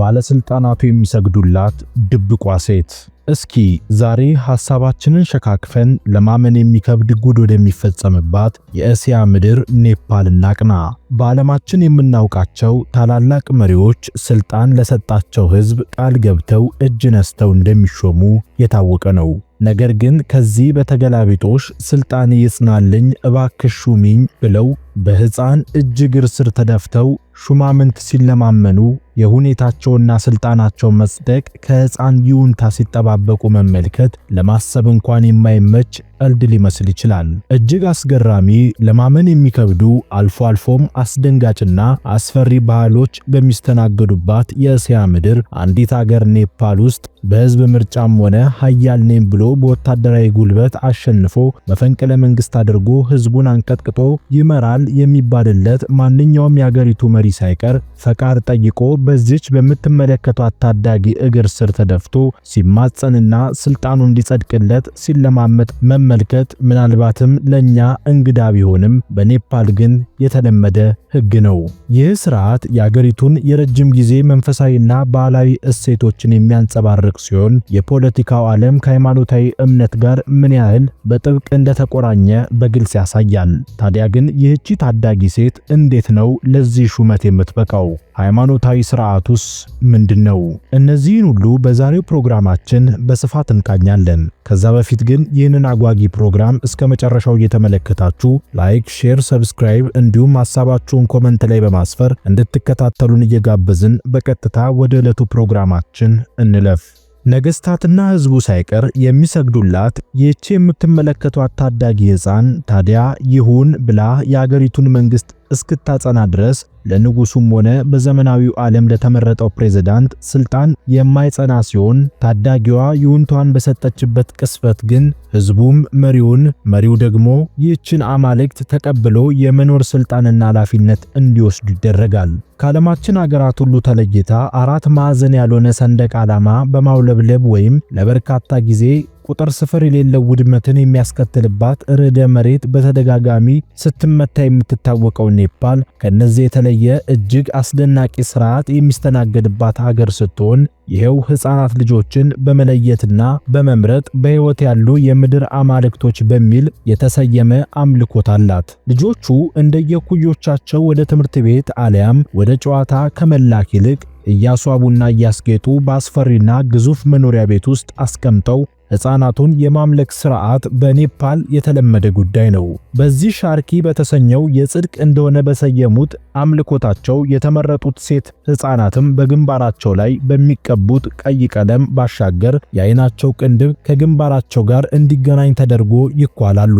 ባለስልጣናቱ የሚሰግዱላት ድብቋ ሴት። እስኪ ዛሬ ሐሳባችንን ሸካክፈን ለማመን የሚከብድ ጉድ ወደሚፈጸምባት የእስያ ምድር ኔፓል እናቅና። በዓለማችን የምናውቃቸው ታላላቅ መሪዎች ስልጣን ለሰጣቸው ሕዝብ ቃል ገብተው እጅ ነስተው እንደሚሾሙ የታወቀ ነው። ነገር ግን ከዚህ በተገላቢጦሽ ስልጣን ይጽናልኝ እባክሹሚኝ ብለው በሕፃን እጅ እግር ስር ተደፍተው ሹማምንት ሲለማመኑ የሁኔታቸውና ስልጣናቸው መጽደቅ ከሕፃን ይሁንታ ሲጠባበቁ መመልከት ለማሰብ እንኳን የማይመች ቀልድ ሊመስል ይችላል። እጅግ አስገራሚ፣ ለማመን የሚከብዱ አልፎ አልፎም አስደንጋጭና አስፈሪ ባህሎች በሚስተናገዱባት የእስያ ምድር አንዲት አገር ኔፓል ውስጥ በህዝብ ምርጫም ሆነ ሀያል ብሎ በወታደራዊ ጉልበት አሸንፎ መፈንቅለ መንግስት አድርጎ ህዝቡን አንቀጥቅጦ ይመራል የሚባልለት ማንኛውም የአገሪቱ መሪ ሳይቀር ፈቃድ ጠይቆ በዚች በምትመለከቷት ታዳጊ እግር ስር ተደፍቶ ሲማጸንና ስልጣኑ እንዲጸድቅለት ሲለማመጥ መመ መመልከት ምናልባትም ለእኛ እንግዳ ቢሆንም በኔፓል ግን የተለመደ ሕግ ነው። ይህ ስርዓት የአገሪቱን የረጅም ጊዜ መንፈሳዊና ባህላዊ እሴቶችን የሚያንጸባርቅ ሲሆን የፖለቲካው ዓለም ከሃይማኖታዊ እምነት ጋር ምን ያህል በጥብቅ እንደተቆራኘ በግልጽ ያሳያል። ታዲያ ግን ይህቺ ታዳጊ ሴት እንዴት ነው ለዚህ ሹመት የምትበቃው? ሃይማኖታዊ ስርዓቱስ ምንድን ነው? እነዚህን ሁሉ በዛሬው ፕሮግራማችን በስፋት እንቃኛለን። ከዛ በፊት ግን ይህንን አጓጊ አስፈላጊ ፕሮግራም እስከ መጨረሻው እየተመለከታችሁ ላይክ፣ ሼር፣ ሰብስክራይብ እንዲሁም ሀሳባችሁን ኮመንት ላይ በማስፈር እንድትከታተሉን እየጋበዝን በቀጥታ ወደ ዕለቱ ፕሮግራማችን እንለፍ። ነገስታትና ህዝቡ ሳይቀር የሚሰግዱላት ይህች የምትመለከቷት ታዳጊ ህፃን ታዲያ ይሁን ብላ የአገሪቱን መንግስት እስክታጸና ድረስ ለንጉሱም ሆነ በዘመናዊው ዓለም ለተመረጠው ፕሬዝዳንት ስልጣን የማይጸና ሲሆን ታዳጊዋ ይሁንቷን በሰጠችበት ቅስፈት ግን ህዝቡም መሪውን መሪው ደግሞ ይህችን አማልክት ተቀብሎ የመኖር ስልጣንና ኃላፊነት እንዲወስዱ ይደረጋል። ከዓለማችን አገራት ሁሉ ተለይታ አራት ማዕዘን ያልሆነ ሰንደቅ ዓላማ በማውለብለብ ወይም ለበርካታ ጊዜ ቁጥር ስፍር የሌለው ውድመትን የሚያስከትልባት ርዕደ መሬት በተደጋጋሚ ስትመታ የምትታወቀው ኔፓል ከነዚህ የተለየ እጅግ አስደናቂ ስርዓት የሚስተናገድባት ሀገር ስትሆን ይኸው ሕፃናት ልጆችን በመለየትና በመምረጥ በሕይወት ያሉ የምድር አማልክቶች በሚል የተሰየመ አምልኮት አላት። ልጆቹ እንደየኩዮቻቸው ወደ ትምህርት ቤት አሊያም ወደ ጨዋታ ከመላክ ይልቅ እያስዋቡና እያስጌጡ በአስፈሪና ግዙፍ መኖሪያ ቤት ውስጥ አስቀምጠው ሕፃናቱን የማምለክ ሥርዓት በኔፓል የተለመደ ጉዳይ ነው። በዚህ ሻርኪ በተሰኘው የጽድቅ እንደሆነ በሰየሙት አምልኮታቸው የተመረጡት ሴት ሕፃናትም በግንባራቸው ላይ በሚቀቡት ቀይ ቀለም ባሻገር የዓይናቸው ቅንድብ ከግንባራቸው ጋር እንዲገናኝ ተደርጎ ይኳላሉ።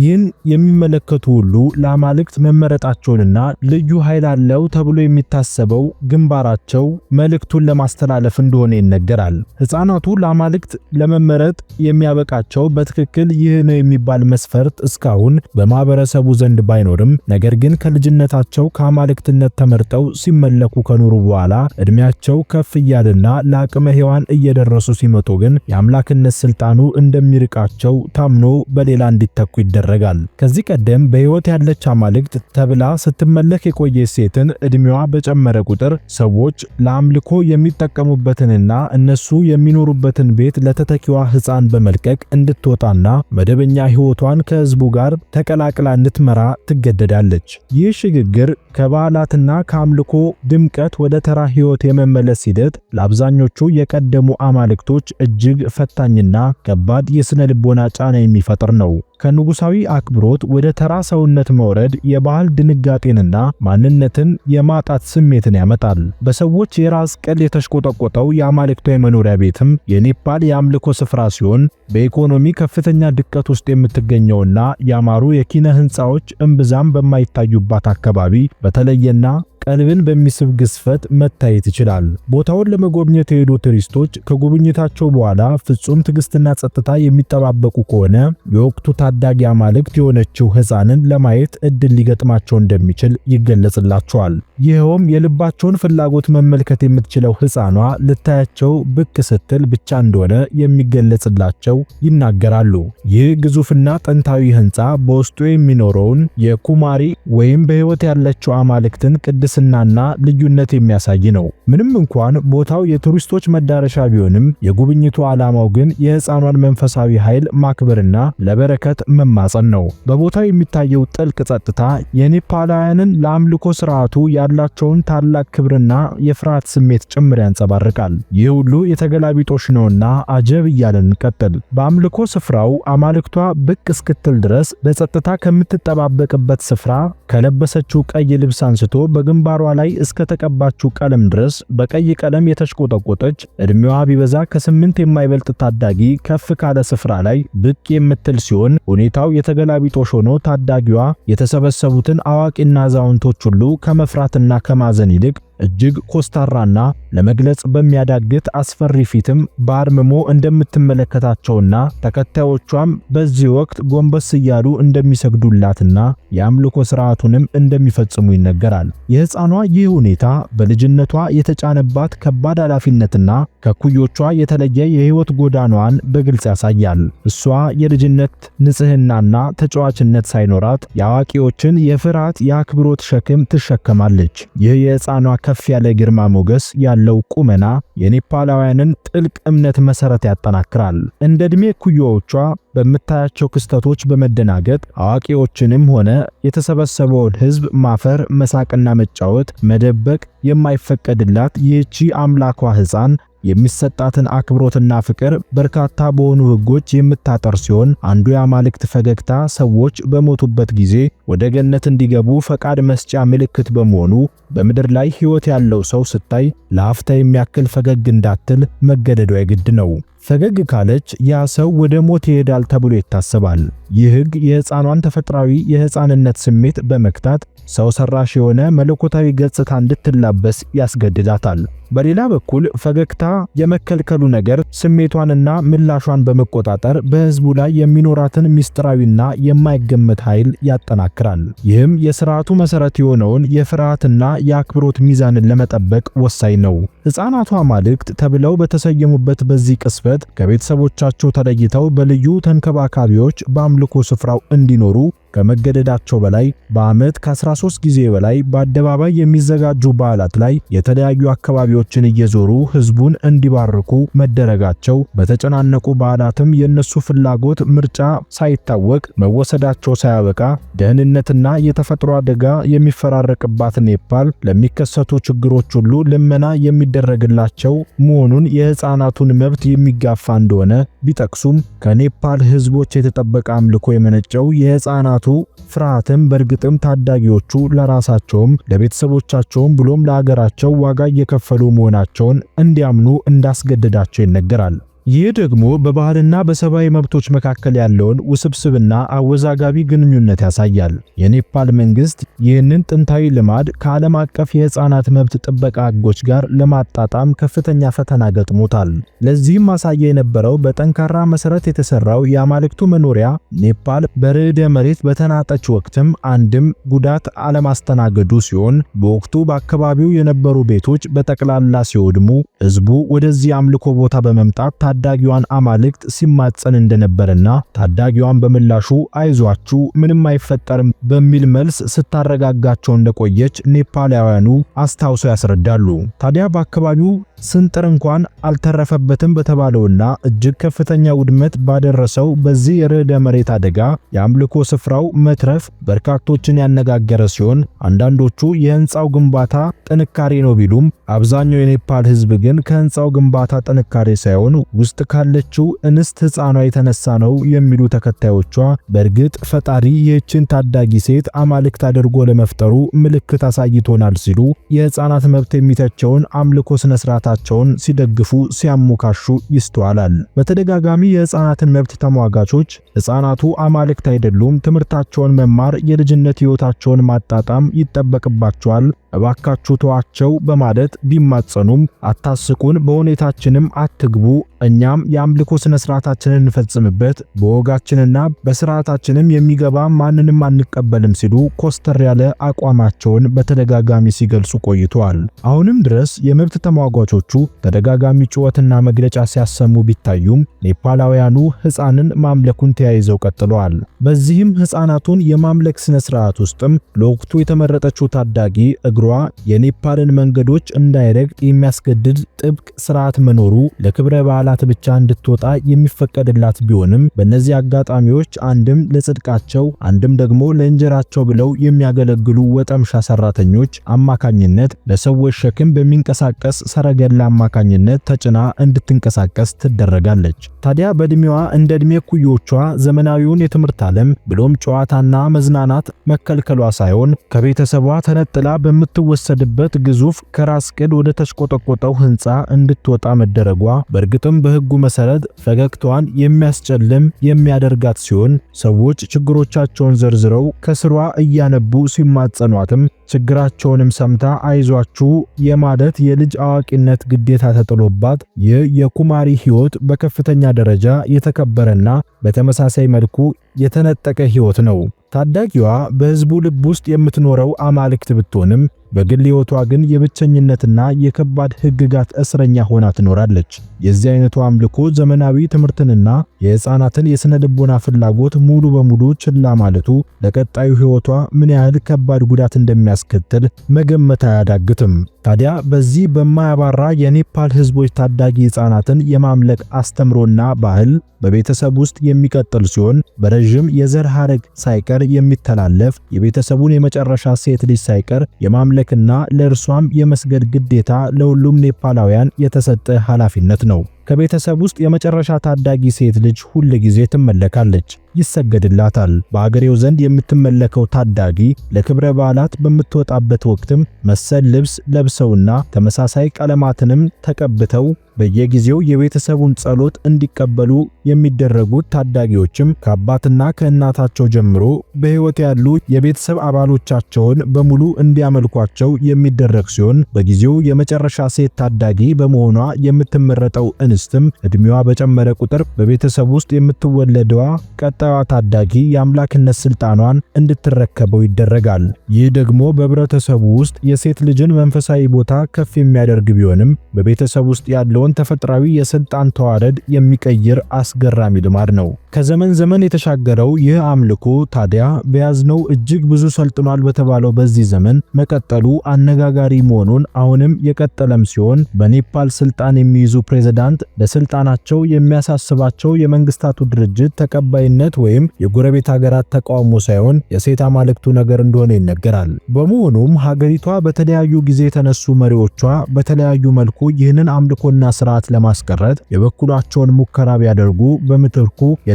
ይህን የሚመለከቱ ሁሉ ለአማልክት መመረጣቸውንና ልዩ ኃይል አለው ተብሎ የሚታሰበው ግንባራቸው መልእክቱን ለማስተላለፍ እንደሆነ ይነገራል። ሕፃናቱ ለአማልክት ለመመረጥ የሚያበቃቸው በትክክል ይህ ነው የሚባል መስፈርት እስካሁን በማህበረሰቡ ዘንድ ባይኖርም ነገር ግን ከልጅነታቸው ከአማ አማልክትነት ተመርጠው ሲመለኩ ከኖሩ በኋላ እድሜያቸው ከፍ እያለና ለአቅመ ሔዋን እየደረሱ ሲመጡ ግን የአምላክነት ስልጣኑ እንደሚርቃቸው ታምኖ በሌላ እንዲተኩ ይደረጋል። ከዚህ ቀደም በሕይወት ያለች አማልክት ተብላ ስትመለክ የቆየች ሴትን እድሜዋ በጨመረ ቁጥር ሰዎች ለአምልኮ የሚጠቀሙበትንና እነሱ የሚኖሩበትን ቤት ለተተኪዋ ሕፃን በመልቀቅ እንድትወጣና መደበኛ ሕይወቷን ከሕዝቡ ጋር ተቀላቅላ እንድትመራ ትገደዳለች። ይህ ሽግግር ከ ከበዓላትና ከአምልኮ ድምቀት ወደ ተራ ሕይወት የመመለስ ሂደት ለአብዛኞቹ የቀደሙ አማልክቶች እጅግ ፈታኝና ከባድ የሥነ ልቦና ጫና የሚፈጥር ነው። ከንጉሳዊ አክብሮት ወደ ተራ ሰውነት መውረድ የባህል ድንጋጤንና ማንነትን የማጣት ስሜትን ያመጣል። በሰዎች የራስ ቅል የተሽቆጠቆጠው የአማልክቷ የመኖሪያ ቤትም የኔፓል የአምልኮ ስፍራ ሲሆን በኢኮኖሚ ከፍተኛ ድቀት ውስጥ የምትገኘውና ያማሩ የኪነ ህንፃዎች እምብዛም በማይታዩባት አካባቢ በተለየና ቀልብን በሚስብ ግዝፈት መታየት ይችላል። ቦታውን ለመጎብኘት የሄዱ ቱሪስቶች ከጉብኝታቸው በኋላ ፍጹም ትዕግስትና ጸጥታ የሚጠባበቁ ከሆነ የወቅቱ ታዳጊ አማልክት የሆነችው ሕፃንን ለማየት እድል ሊገጥማቸው እንደሚችል ይገለጽላቸዋል። ይኸውም የልባቸውን ፍላጎት መመልከት የምትችለው ሕፃኗ ልታያቸው ብቅ ስትል ብቻ እንደሆነ የሚገለጽላቸው ይናገራሉ። ይህ ግዙፍና ጥንታዊ ሕንፃ በውስጡ የሚኖረውን የኩማሪ ወይም በሕይወት ያለችው አማልክትን ቅድስናና ልዩነት የሚያሳይ ነው። ምንም እንኳን ቦታው የቱሪስቶች መዳረሻ ቢሆንም የጉብኝቱ ዓላማው ግን የሕፃኗን መንፈሳዊ ኃይል ማክበርና ለበረከት መማጸን ነው። በቦታው የሚታየው ጥልቅ ጸጥታ የኔፓላውያንን ለአምልኮ ስርዓቱ ያላቸውን ታላቅ ክብርና የፍርሃት ስሜት ጭምር ያንጸባርቃል። ይህ ሁሉ የተገላቢጦሽ ነውና አጀብ እያለን እንቀጥል። በአምልኮ ስፍራው አማልክቷ ብቅ እስክትል ድረስ በጸጥታ ከምትጠባበቅበት ስፍራ ከለበሰችው ቀይ ልብስ አንስቶ በግንባሯ ላይ እስከተቀባችው ቀለም ድረስ በቀይ ቀለም የተሽቆጠቆጠች እድሜዋ ቢበዛ ከስምንት የማይበልጥ ታዳጊ ከፍ ካለ ስፍራ ላይ ብቅ የምትል ሲሆን ሁኔታው የተገላቢጦሽ ሆኖ ታዳጊዋ የተሰበሰቡትን አዋቂና አዛውንቶች ሁሉ ከመፍራትና ከማዘን ይልቅ እጅግ ኮስታራና ለመግለጽ በሚያዳግት አስፈሪ ፊትም በአርምሞ እንደምትመለከታቸውና ተከታዮቿም በዚህ ወቅት ጎንበስ እያሉ እንደሚሰግዱላትና የአምልኮ ስርዓቱንም እንደሚፈጽሙ ይነገራል። የሕፃኗ ይህ ሁኔታ በልጅነቷ የተጫነባት ከባድ ኃላፊነትና ከኩዮቿ የተለየ የህይወት ጎዳናዋን በግልጽ ያሳያል። እሷ የልጅነት ንጽህናና ተጫዋችነት ሳይኖራት የአዋቂዎችን የፍርሃት የአክብሮት ሸክም ትሸከማለች። ይህ የሕፃኗ ከፍ ያለ ግርማ ሞገስ ያለው ቁመና የኔፓላውያንን ጥልቅ እምነት መሰረት ያጠናክራል። እንደ ዕድሜ ኩዮዎቿ በምታያቸው ክስተቶች በመደናገጥ አዋቂዎችንም ሆነ የተሰበሰበውን ሕዝብ ማፈር፣ መሳቅና መጫወት፣ መደበቅ የማይፈቀድላት ይህቺ አምላኳ ሕፃን የሚሰጣትን አክብሮትና ፍቅር በርካታ በሆኑ ሕጎች የምታጠር ሲሆን አንዱ የአማልክት ፈገግታ ሰዎች በሞቱበት ጊዜ ወደ ገነት እንዲገቡ ፈቃድ መስጫ ምልክት በመሆኑ በምድር ላይ ሕይወት ያለው ሰው ስታይ ለአፍታ የሚያክል ፈገግ እንዳትል መገደዷ የግድ ነው። ፈገግ ካለች ያ ሰው ወደ ሞት ይሄዳል ተብሎ ይታሰባል። ይህ ሕግ የሕፃኗን ተፈጥሯዊ የሕፃንነት ስሜት በመክታት ሰው ሰራሽ የሆነ መለኮታዊ ገጽታ እንድትላበስ ያስገድዳታል። በሌላ በኩል ፈገግታ የመከልከሉ ነገር ስሜቷንና ምላሿን በመቆጣጠር በሕዝቡ ላይ የሚኖራትን ምስጢራዊና የማይገመት ኃይል ያጠናክራል። ይህም የሥርዓቱ መሠረት የሆነውን የፍርሃትና የአክብሮት ሚዛንን ለመጠበቅ ወሳኝ ነው። ሕፃናቷ አማልክት ተብለው በተሰየሙበት በዚህ ቅስፈት በማበረታታት ከቤተሰቦቻቸው ተለይተው በልዩ ተንከባካቢዎች በአምልኮ ስፍራው እንዲኖሩ ከመገደዳቸው በላይ በዓመት ከ13 ጊዜ በላይ በአደባባይ የሚዘጋጁ በዓላት ላይ የተለያዩ አካባቢዎችን እየዞሩ ህዝቡን እንዲባርኩ መደረጋቸው በተጨናነቁ በዓላትም የእነሱ ፍላጎት ምርጫ ሳይታወቅ መወሰዳቸው ሳያበቃ ደህንነትና የተፈጥሮ አደጋ የሚፈራረቅባት ኔፓል ለሚከሰቱ ችግሮች ሁሉ ልመና የሚደረግላቸው መሆኑን የህፃናቱን መብት የሚጋፋ እንደሆነ ቢጠቅሱም ከኔፓል ህዝቦች የተጠበቀ አምልኮ የመነጨው የህፃናቱ ፍርሃትም በእርግጥም ታዳጊዎቹ ለራሳቸውም ለቤተሰቦቻቸውም ብሎም ለአገራቸው ዋጋ እየከፈሉ መሆናቸውን እንዲያምኑ እንዳስገደዳቸው ይነገራል። ይህ ደግሞ በባህልና በሰብአዊ መብቶች መካከል ያለውን ውስብስብና አወዛጋቢ ግንኙነት ያሳያል። የኔፓል መንግስት ይህንን ጥንታዊ ልማድ ከዓለም አቀፍ የሕፃናት መብት ጥበቃ ህጎች ጋር ለማጣጣም ከፍተኛ ፈተና ገጥሞታል። ለዚህም ማሳያ የነበረው በጠንካራ መሠረት የተሠራው የአማልክቱ መኖሪያ ኔፓል በርዕደ መሬት በተናጠች ወቅትም አንድም ጉዳት አለማስተናገዱ ሲሆን፣ በወቅቱ በአካባቢው የነበሩ ቤቶች በጠቅላላ ሲወድሙ ሕዝቡ ወደዚህ አምልኮ ቦታ በመምጣት ታዳጊዋን አማልክት ሲማጸን እንደነበርና ታዳጊዋን በምላሹ አይዟችሁ ምንም አይፈጠርም በሚል መልስ ስታረጋጋቸው እንደቆየች ኔፓላውያኑ አስታውሰው ያስረዳሉ። ታዲያ በአካባቢው ስንጥር እንኳን አልተረፈበትም በተባለውና እጅግ ከፍተኛ ውድመት ባደረሰው በዚህ የርዕደ መሬት አደጋ የአምልኮ ስፍራው መትረፍ በርካቶችን ያነጋገረ ሲሆን አንዳንዶቹ የህንፃው ግንባታ ጥንካሬ ነው ቢሉም አብዛኛው የኔፓል ህዝብ ግን ከህንፃው ግንባታ ጥንካሬ ሳይሆን ውስጥ ካለችው እንስት ሕፃኗ የተነሳ ነው የሚሉ ተከታዮቿ በእርግጥ ፈጣሪ ይህችን ታዳጊ ሴት አማልክት አድርጎ ለመፍጠሩ ምልክት አሳይቶናል ሲሉ የሕፃናት መብት የሚተቸውን አምልኮ ስነ ስርዓታቸውን ሲደግፉ ሲያሞካሹ ይስተዋላል። በተደጋጋሚ የሕፃናትን መብት ተሟጋቾች ሕፃናቱ አማልክት አይደሉም፣ ትምህርታቸውን መማር የልጅነት ሕይወታቸውን ማጣጣም ይጠበቅባቸዋል እባካችሁ ተዋቸው በማለት ቢማጸኑም አታስቁን፣ በሁኔታችንም አትግቡ እኛም የአምልኮ ስነ ስርዓታችንን እንፈጽምበት በወጋችንና በስርዓታችንም የሚገባ ማንንም አንቀበልም ሲሉ ኮስተር ያለ አቋማቸውን በተደጋጋሚ ሲገልጹ ቆይተዋል። አሁንም ድረስ የመብት ተሟጓቾቹ ተደጋጋሚ ጩኸትና መግለጫ ሲያሰሙ ቢታዩም ኔፓላውያኑ ሕፃንን ማምለኩን ተያይዘው ቀጥለዋል። በዚህም ሕፃናቱን የማምለክ ስነ ስርዓት ውስጥም ለወቅቱ የተመረጠችው ታዳጊ እግሯ የኔፓልን መንገዶች እንዳይረግጥ የሚያስገድድ ጥብቅ ስርዓት መኖሩ ለክብረ በዓላ ከጠላት ብቻ እንድትወጣ የሚፈቀድላት ቢሆንም በእነዚህ አጋጣሚዎች አንድም ለጽድቃቸው አንድም ደግሞ ለእንጀራቸው ብለው የሚያገለግሉ ወጠምሻ ሰራተኞች አማካኝነት ለሰዎች ሸክም በሚንቀሳቀስ ሰረገላ አማካኝነት ተጭና እንድትንቀሳቀስ ትደረጋለች። ታዲያ በእድሜዋ እንደ እድሜ ኩዮቿ ዘመናዊውን የትምህርት ዓለም ብሎም ጨዋታና መዝናናት መከልከሏ ሳይሆን ከቤተሰቧ ተነጥላ በምትወሰድበት ግዙፍ ከራስ ቅድ ወደ ተሽቆጠቆጠው ህንፃ እንድትወጣ መደረጓ በእርግጥም በህጉ መሰረት ፈገግታዋን የሚያስጨልም የሚያደርጋት ሲሆን ሰዎች ችግሮቻቸውን ዘርዝረው ከስሯ እያነቡ ሲማጸኗትም ችግራቸውንም ሰምታ አይዟችሁ የማለት የልጅ አዋቂነት ግዴታ ተጥሎባት ይህ የኩማሪ ህይወት በከፍተኛ ደረጃ የተከበረና በተመሳሳይ መልኩ የተነጠቀ ህይወት ነው። ታዳጊዋ በህዝቡ ልብ ውስጥ የምትኖረው አማልክት ብትሆንም በግል ሕይወቷ ግን የብቸኝነትና የከባድ ሕግጋት እስረኛ ሆና ትኖራለች። የዚህ አይነቱ አምልኮ ዘመናዊ ትምህርትንና የሕፃናትን የሥነ ልቦና ፍላጎት ሙሉ በሙሉ ችላ ማለቱ ለቀጣዩ ሕይወቷ ምን ያህል ከባድ ጉዳት እንደሚያስከትል መገመት አያዳግትም። ታዲያ በዚህ በማያባራ የኔፓል ሕዝቦች ታዳጊ ሕፃናትን የማምለክ አስተምሮና ባህል በቤተሰብ ውስጥ የሚቀጥል ሲሆን በረዥም የዘር ሐረግ ሳይቀር የሚተላለፍ የቤተሰቡን የመጨረሻ ሴት ልጅ ሳይቀር የማምለክ የማምለክና ለእርሷም የመስገድ ግዴታ ለሁሉም ኔፓላውያን የተሰጠ ኃላፊነት ነው። ከቤተሰብ ውስጥ የመጨረሻ ታዳጊ ሴት ልጅ ሁል ጊዜ ትመለካለች። ይሰገድላታል። በአገሬው ዘንድ የምትመለከው ታዳጊ ለክብረ በዓላት በምትወጣበት ወቅትም መሰል ልብስ ለብሰውና ተመሳሳይ ቀለማትንም ተቀብተው በየጊዜው የቤተሰቡን ጸሎት እንዲቀበሉ የሚደረጉት ታዳጊዎችም ከአባትና ከእናታቸው ጀምሮ በሕይወት ያሉ የቤተሰብ አባሎቻቸውን በሙሉ እንዲያመልኳቸው የሚደረግ ሲሆን በጊዜው የመጨረሻ ሴት ታዳጊ በመሆኗ የምትመረጠው እንስትም እድሜዋ በጨመረ ቁጥር በቤተሰብ ውስጥ የምትወለደዋ ቀጥ ቀጣዩዋ ታዳጊ የአምላክነት ስልጣኗን እንድትረከበው ይደረጋል። ይህ ደግሞ በህብረተሰቡ ውስጥ የሴት ልጅን መንፈሳዊ ቦታ ከፍ የሚያደርግ ቢሆንም በቤተሰብ ውስጥ ያለውን ተፈጥሯዊ የስልጣን ተዋረድ የሚቀይር አስገራሚ ልማድ ነው። ከዘመን ዘመን የተሻገረው ይህ አምልኮ ታዲያ በያዝነው እጅግ ብዙ ሰልጥኗል በተባለው በዚህ ዘመን መቀጠሉ አነጋጋሪ መሆኑን አሁንም የቀጠለም ሲሆን በኔፓል ስልጣን የሚይዙ ፕሬዝዳንት ለስልጣናቸው የሚያሳስባቸው የመንግስታቱ ድርጅት ተቀባይነት ወይም የጎረቤት ሀገራት ተቃውሞ ሳይሆን የሴት አማልክቱ ነገር እንደሆነ ይነገራል። በመሆኑም ሀገሪቷ በተለያዩ ጊዜ የተነሱ መሪዎቿ በተለያዩ መልኩ ይህንን አምልኮና ስርዓት ለማስቀረት የበኩላቸውን ሙከራ ቢያደርጉ በምትርኩ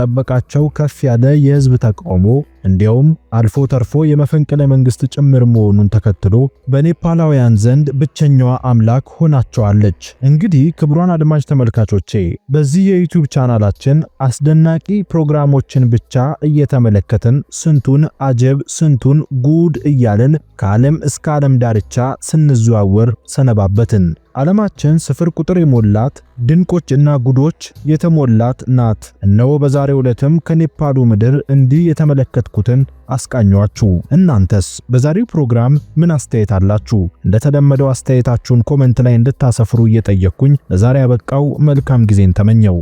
ከጠበቃቸው ከፍ ያለ የህዝብ ተቃውሞ እንዲያውም አልፎ ተርፎ የመፈንቅለ መንግስት ጭምር መሆኑን ተከትሎ በኔፓላውያን ዘንድ ብቸኛዋ አምላክ ሆናቸዋለች። እንግዲህ ክቡራን አድማጭ ተመልካቾቼ በዚህ የዩቲዩብ ቻናላችን አስደናቂ ፕሮግራሞችን ብቻ እየተመለከትን ስንቱን አጀብ ስንቱን ጉድ እያልን ከዓለም እስከ ዓለም ዳርቻ ስንዘዋወር ሰነባበትን። ዓለማችን ስፍር ቁጥር የሞላት ድንቆች እና ጉዶች የተሞላት ናት። እነሆ በዛሬው ዕለትም ከኔፓሉ ምድር እንዲህ የተመለከትኩትን አስቃኟችሁ። እናንተስ በዛሬው ፕሮግራም ምን አስተያየት አላችሁ? እንደተለመደው አስተያየታችሁን ኮመንት ላይ እንድታሰፍሩ እየጠየቅኩኝ ለዛሬ ያበቃው መልካም ጊዜን ተመኘው።